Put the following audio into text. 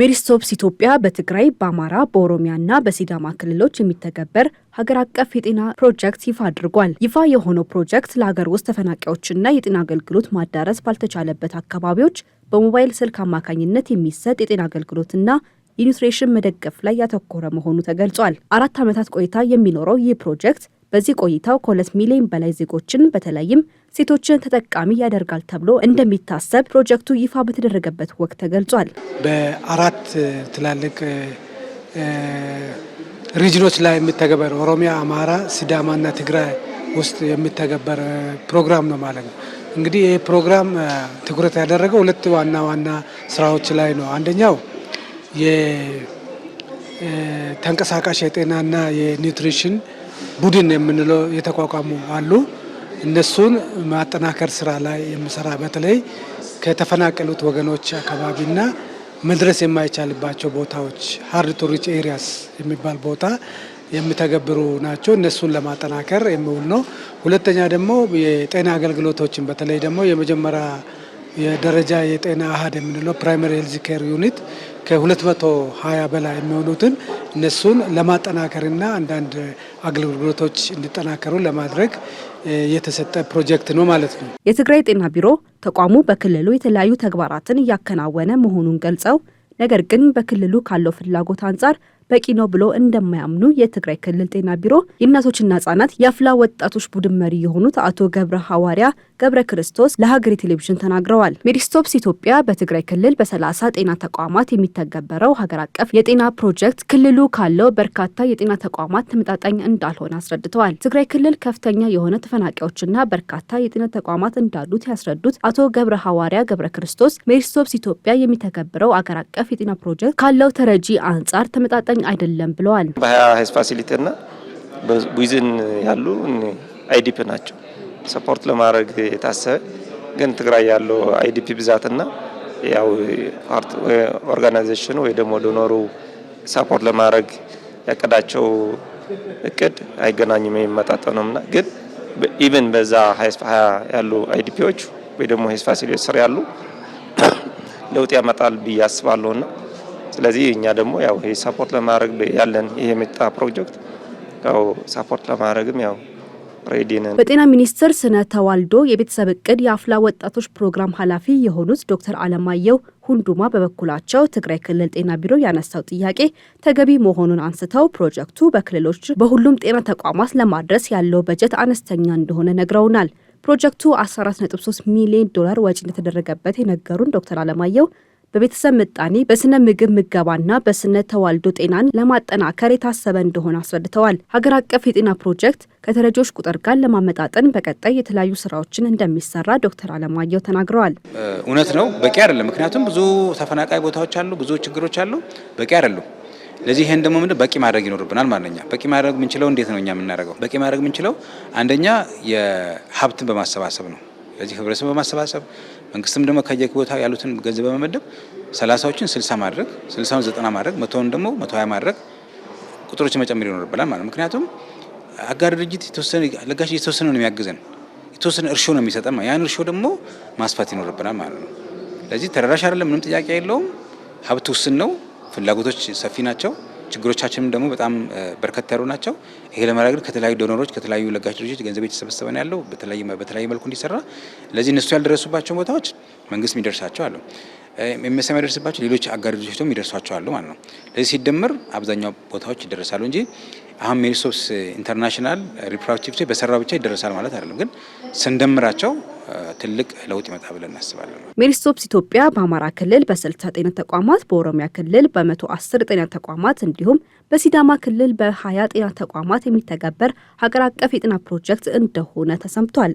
ሜሪስቶፕስ ኢትዮጵያ በትግራይ በአማራ በኦሮሚያና በሲዳማ ክልሎች የሚተገበር ሀገር አቀፍ የጤና ፕሮጀክት ይፋ አድርጓል። ይፋ የሆነው ፕሮጀክት ለሀገር ውስጥ ተፈናቃዮችና የጤና አገልግሎት ማዳረስ ባልተቻለበት አካባቢዎች በሞባይል ስልክ አማካኝነት የሚሰጥ የጤና አገልግሎትና የኒውትሬሽን መደገፍ ላይ ያተኮረ መሆኑ ተገልጿል። አራት ዓመታት ቆይታ የሚኖረው ይህ ፕሮጀክት በዚህ ቆይታው ከሁለት ሚሊዮን በላይ ዜጎችን በተለይም ሴቶችን ተጠቃሚ ያደርጋል ተብሎ እንደሚታሰብ ፕሮጀክቱ ይፋ በተደረገበት ወቅት ተገልጿል። በአራት ትላልቅ ሪጅኖች ላይ የሚተገበር ኦሮሚያ፣ አማራ፣ እና ትግራይ ውስጥ የሚተገበር ፕሮግራም ነው ማለት ነው። እንግዲህ ይህ ፕሮግራም ትኩረት ያደረገው ሁለት ዋና ዋና ስራዎች ላይ ነው። አንደኛው የተንቀሳቃሽ የጤናና የኒውትሪሽን ቡድን የምንለው የተቋቋሙ አሉ። እነሱን ማጠናከር ስራ ላይ የምሰራ በተለይ ከተፈናቀሉት ወገኖች አካባቢና መድረስ የማይቻልባቸው ቦታዎች ሀርድ ቱሪች ኤሪያስ የሚባል ቦታ የሚተገብሩ ናቸው። እነሱን ለማጠናከር የሚውል ነው። ሁለተኛ ደግሞ የጤና አገልግሎቶችን በተለይ ደግሞ የመጀመሪያ የደረጃ የጤና አሃድ የምንለው ፕራይመሪ ሄልዝ ኬር ዩኒት ከ220 በላይ የሚሆኑትን እነሱን ለማጠናከርና አንዳንድ አገልግሎቶች እንዲጠናከሩ ለማድረግ የተሰጠ ፕሮጀክት ነው ማለት ነው። የትግራይ ጤና ቢሮ ተቋሙ በክልሉ የተለያዩ ተግባራትን እያከናወነ መሆኑን ገልጸው ነገር ግን በክልሉ ካለው ፍላጎት አንጻር በቂ ነው ብሎ እንደማያምኑ የትግራይ ክልል ጤና ቢሮ የእናቶችና ህጻናት የአፍላ ወጣቶች ቡድን መሪ የሆኑት አቶ ገብረ ሐዋርያ ገብረ ክርስቶስ ለሀገሬ ቴሌቪዥን ተናግረዋል። ሜዲስቶፕስ ኢትዮጵያ በትግራይ ክልል በሰላሳ ጤና ተቋማት የሚተገበረው ሀገር አቀፍ የጤና ፕሮጀክት ክልሉ ካለው በርካታ የጤና ተቋማት ተመጣጣኝ እንዳልሆነ አስረድተዋል። ትግራይ ክልል ከፍተኛ የሆነ ተፈናቃዮችና በርካታ የጤና ተቋማት እንዳሉት ያስረዱት አቶ ገብረ ሐዋርያ ገብረ ክርስቶስ ሜዲስቶፕስ ኢትዮጵያ የሚተገበረው አገር አቀፍ የጤና ፕሮጀክት ካለው ተረጂ አንጻር ተመጣጣኝ አይደለም ብለዋል። በሀያ ሄዝ ፋሲሊቲና በቡዝን ያሉ አይዲፒ ናቸው ሰፖርት ለማድረግ የታሰበ ግን ትግራይ ያለው አይዲፒ ብዛትና ያው ፓርት ኦርጋናይዜሽኑ ወይ ደግሞ ዶኖሩ ሰፖርት ለማድረግ ያቀዳቸው እቅድ አይገናኝም፣ የሚመጣጠነውና ግን ኢቨን በዛ ሀያ ያሉ አይዲፒዎች ወይ ደግሞ ሄዝ ፋሲሊቲ ስር ያሉ ለውጥ ያመጣል ብዬ አስባለሁና ስለዚህ እኛ ደግሞ ያው ይሄ ሰፖርት ለማድረግ ያለን ይሄ የመጣ ፕሮጀክት ያው ሰፖርት ለማድረግም ያው በጤና ሚኒስቴር ስነ ተዋልዶ የቤተሰብ እቅድ የአፍላ ወጣቶች ፕሮግራም ኃላፊ የሆኑት ዶክተር አለማየሁ ሁንዱማ በበኩላቸው ትግራይ ክልል ጤና ቢሮ ያነሳው ጥያቄ ተገቢ መሆኑን አንስተው ፕሮጀክቱ በክልሎች በሁሉም ጤና ተቋማት ለማድረስ ያለው በጀት አነስተኛ እንደሆነ ነግረውናል። ፕሮጀክቱ 14.3 ሚሊዮን ዶላር ወጪ እንደተደረገበት የነገሩን ዶክተር አለማየሁ በቤተሰብ ምጣኔ፣ በስነ ምግብ ምገባና በስነ ተዋልዶ ጤናን ለማጠናከር የታሰበ እንደሆነ አስረድተዋል። ሀገር አቀፍ የጤና ፕሮጀክት ከተረጂዎች ቁጥር ጋር ለማመጣጠን በቀጣይ የተለያዩ ስራዎችን እንደሚሰራ ዶክተር አለማየሁ ተናግረዋል። እውነት ነው፣ በቂ አይደለም። ምክንያቱም ብዙ ተፈናቃይ ቦታዎች አሉ፣ ብዙ ችግሮች አሉ፣ በቂ አይደሉም። ለዚህ ይሄን ደግሞ ምንድን በቂ ማድረግ ይኖርብናል ማለት ነው። በቂ ማድረግ የምንችለው እንዴት ነው እኛ የምናደርገው? በቂ ማድረግ የምንችለው አንደኛ የሀብትን በማሰባሰብ ነው። ለዚህ ህብረተሰብ በማሰባሰብ መንግስትም ደግሞ ከየቦታ ያሉትን ገንዘብ በመመደብ ሰላሳዎችን ስልሳ ማድረግ ስልሳውን ዘጠና ማድረግ መቶውን ደግሞ መቶ ሀያ ማድረግ ቁጥሮች መጨመር ይኖርብናል ማለት ምክንያቱም አጋር ድርጅት የተወሰነ ለጋሽ የተወሰነ ነው የሚያግዘን የተወሰነ እርሾ ነው የሚሰጠን ያን እርሾ ደግሞ ማስፋት ይኖርብናል ማለት ነው። ለዚህ ተደራሽ አይደለም፣ ምንም ጥያቄ የለውም። ሀብት ውስን ነው፣ ፍላጎቶች ሰፊ ናቸው። ችግሮቻችንም ደግሞ በጣም በርከት ያሉ ናቸው። ይሄ ለማድረግ ከተለያዩ ዶኖሮች ከተለያዩ ለጋሽ ድርጅቶች ገንዘብ የተሰበሰበ ነው ያለው በተለያየ መልኩ እንዲሰራ። ለዚህ እነሱ ያልደረሱባቸው ቦታዎች መንግስት የሚደርሳቸው አለ ኤምኤስኤም የሚደርስባቸው ሌሎች አጋር ድርጅቶች ደግሞ የሚደርሷቸው አሉ ማለት ነው። ለዚህ ሲደመር አብዛኛው ቦታዎች ይደረሳሉ እንጂ አሁን ሜሪሶፕስ ኢንተርናሽናል ሪፕሮዳክቲቭ በሰራው ብቻ ይደረሳል ማለት አይደለም። ግን ስንደምራቸው ትልቅ ለውጥ ይመጣ ብለን እናስባለን። ሜሪስቶፕስ ኢትዮጵያ በአማራ ክልል በስልሳ ጤና ተቋማት፣ በኦሮሚያ ክልል በመቶ አስር ጤና ተቋማት እንዲሁም በሲዳማ ክልል በሀያ ጤና ተቋማት የሚተገበር ሀገር አቀፍ የጤና ፕሮጀክት እንደሆነ ተሰምቷል።